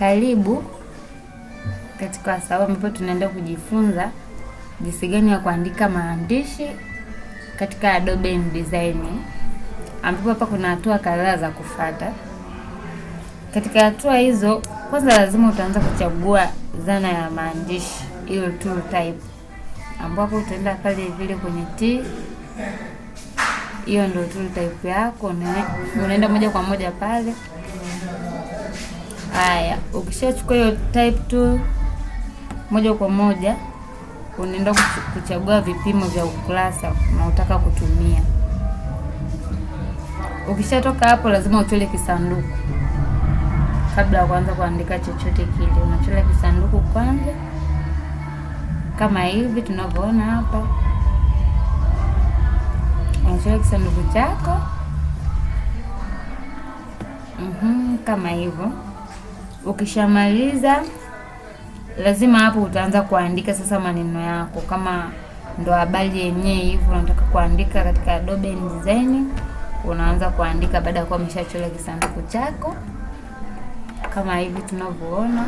Karibu katika wasawa ambapo tunaenda kujifunza jinsi gani ya kuandika maandishi katika Adobe InDesign, ambapo hapa kuna hatua kadhaa za kufata Katika hatua hizo, kwanza lazima utaanza kuchagua zana ya maandishi hiyo tool type, ambapo utaenda pale vile kwenye T, hiyo ndio tool type yako, unaenda moja kwa moja pale Haya, ukishachukua hiyo type 2 moja kwa moja unaenda kuchagua vipimo vya ukurasa unaotaka kutumia. Ukishatoka hapo, lazima uchole kisanduku kabla ya kuanza kuandika chochote kile. Unachola kisanduku kwanza, kama hivi tunavyoona hapa. Unachola kisanduku chako, mm -hmm, kama hivyo Ukishamaliza lazima hapo utaanza kuandika sasa maneno yako, kama ndo habari yenyewe hivyo unataka kuandika katika Adobe InDesign, unaanza kuandika baada ya kuwa umeshachora kisanduku chako kama hivi tunavyoona,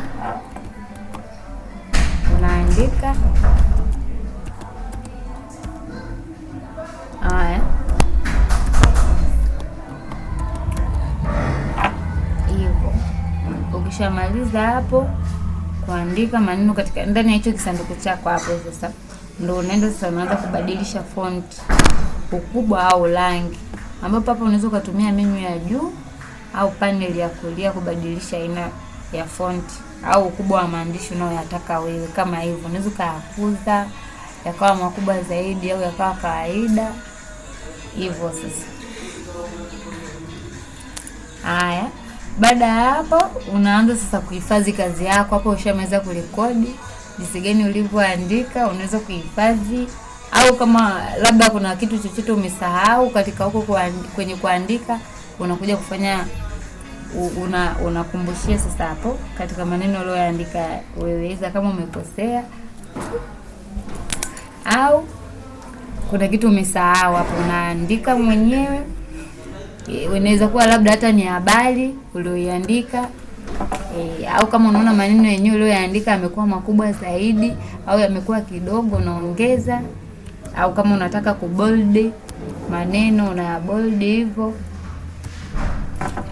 unaandika Ukishamaliza hapo kuandika maneno katika ndani ya hicho kisanduku chako hapo, sasa ndio unaenda sasa, unaanza kubadilisha font, ukubwa au rangi, ambapo hapo unaweza ukatumia menu ya juu au panel ya kulia kubadilisha aina ya font au ukubwa wa maandishi unaoyataka wewe. Kama hivyo unaweza ukayakuza yakawa makubwa zaidi au yakawa kawaida hivyo. Sasa haya. Baada ya hapo, unaanza sasa kuhifadhi kazi yako. Hapo ushaweza kurekodi jinsi gani ulivyoandika, unaweza kuhifadhi au kama labda kuna kitu chochote umesahau katika huko kwenye kuandika, unakuja kufanya una unakumbushia sasa hapo katika maneno uliyoandika wewe, kama umekosea au kuna kitu umesahau hapo, unaandika mwenyewe. Eh, inaweza kuwa labda hata ni habari ulioiandika E, au kama unaona maneno yenyewe uliyoyaandika yamekuwa makubwa zaidi au yamekuwa kidogo, unaongeza. Au kama unataka kubold maneno una bold hivyo.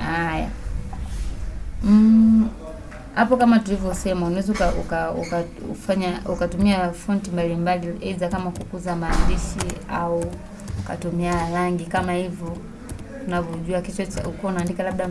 Haya, mm, hapo kama tulivyosema, unaweza uka, uka, uka, ufanya ukatumia fonti mbalimbali, aidha kama kukuza maandishi au ukatumia rangi kama hivyo unavyojua kichwa cha uko unaandika labda